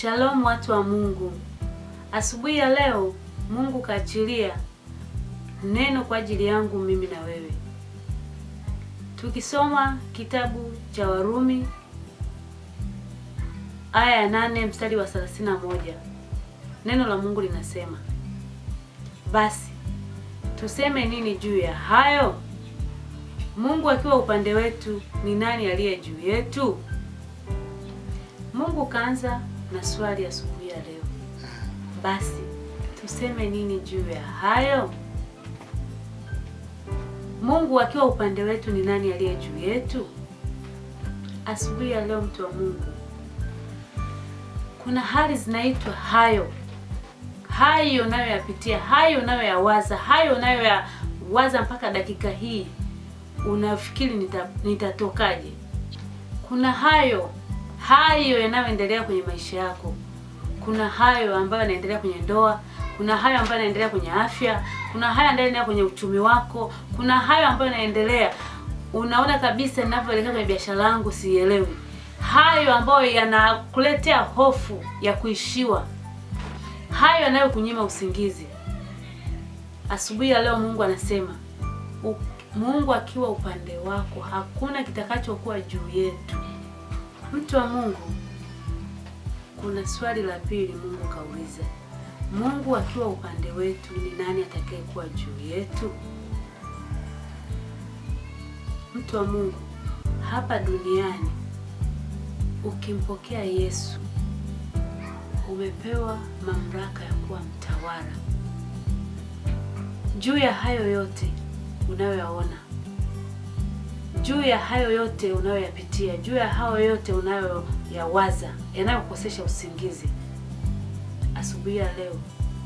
Shalom watu wa Mungu. Asubuhi ya leo Mungu kaachilia neno kwa ajili yangu mimi na wewe, tukisoma kitabu cha Warumi aya ya nane mstari wa thelathini na moja. Neno la Mungu linasema basi tuseme nini juu ya hayo? Mungu akiwa upande wetu, ni nani aliye juu yetu? Mungu kaanza na swali asubuhi ya leo. Basi tuseme nini juu ya hayo? Mungu akiwa upande wetu, ni nani aliye juu yetu? Asubuhi ya leo, mtu wa Mungu, kuna hali zinaitwa hayo hayo unayoyapitia, hayo unayoyawaza, hayo unayoyawaza mpaka dakika hii, unafikiri nita, nitatokaje? Kuna hayo hayo yanayoendelea kwenye maisha yako. Kuna hayo ambayo yanaendelea kwenye ndoa, kuna hayo ambayo yanaendelea kwenye afya, kuna hayo yanaendelea kwenye uchumi wako, kuna hayo ambayo yanaendelea. Unaona kabisa ninavyoelekea kwenye biashara yangu sielewi. Hayo ambayo yanakuletea hofu ya kuishiwa, hayo yanayokunyima usingizi. Asubuhi ya leo Mungu anasema Mungu akiwa upande wako hakuna kitakachokuwa juu yetu. Mtu wa Mungu, kuna swali la pili Mungu kauliza. Mungu akiwa upande wetu ni nani atakayekuwa juu yetu? Mtu wa Mungu, hapa duniani ukimpokea Yesu umepewa mamlaka ya kuwa mtawala juu ya hayo yote unayoyaona juu ya hayo yote unayoyapitia, juu ya hayo yote unayoyawaza yanayokosesha usingizi, asubuhi ya leo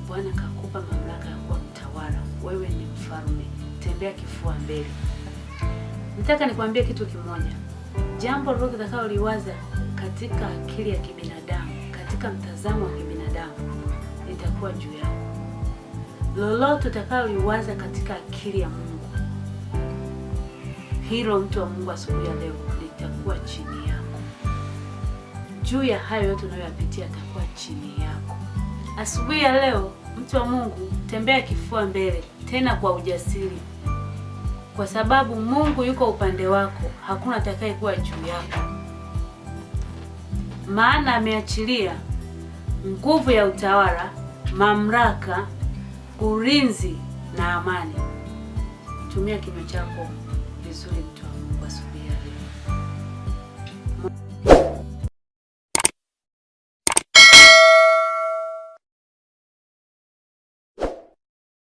Bwana kakupa mamlaka ya kuwa mtawala. Wewe ni mfalme, tembea kifua mbele. Nataka nikwambie kitu kimoja, jambo lolote utakaoliwaza katika akili ya kibinadamu, katika mtazamo wa kibinadamu, litakuwa juu yako. Lolote utakaoliwaza katika akili ya Mungu hilo mtu wa Mungu asubuhi ya leo litakuwa chini yako. Juu ya hayo yote unayoyapitia atakuwa chini yako. Asubuhi ya leo mtu wa Mungu, tembea kifua mbele tena kwa ujasiri, kwa sababu Mungu yuko upande wako, hakuna atakayekuwa juu yako, maana ameachilia nguvu ya utawala, mamlaka, ulinzi na amani. Tumia kinywa chako vizuri, to be subira.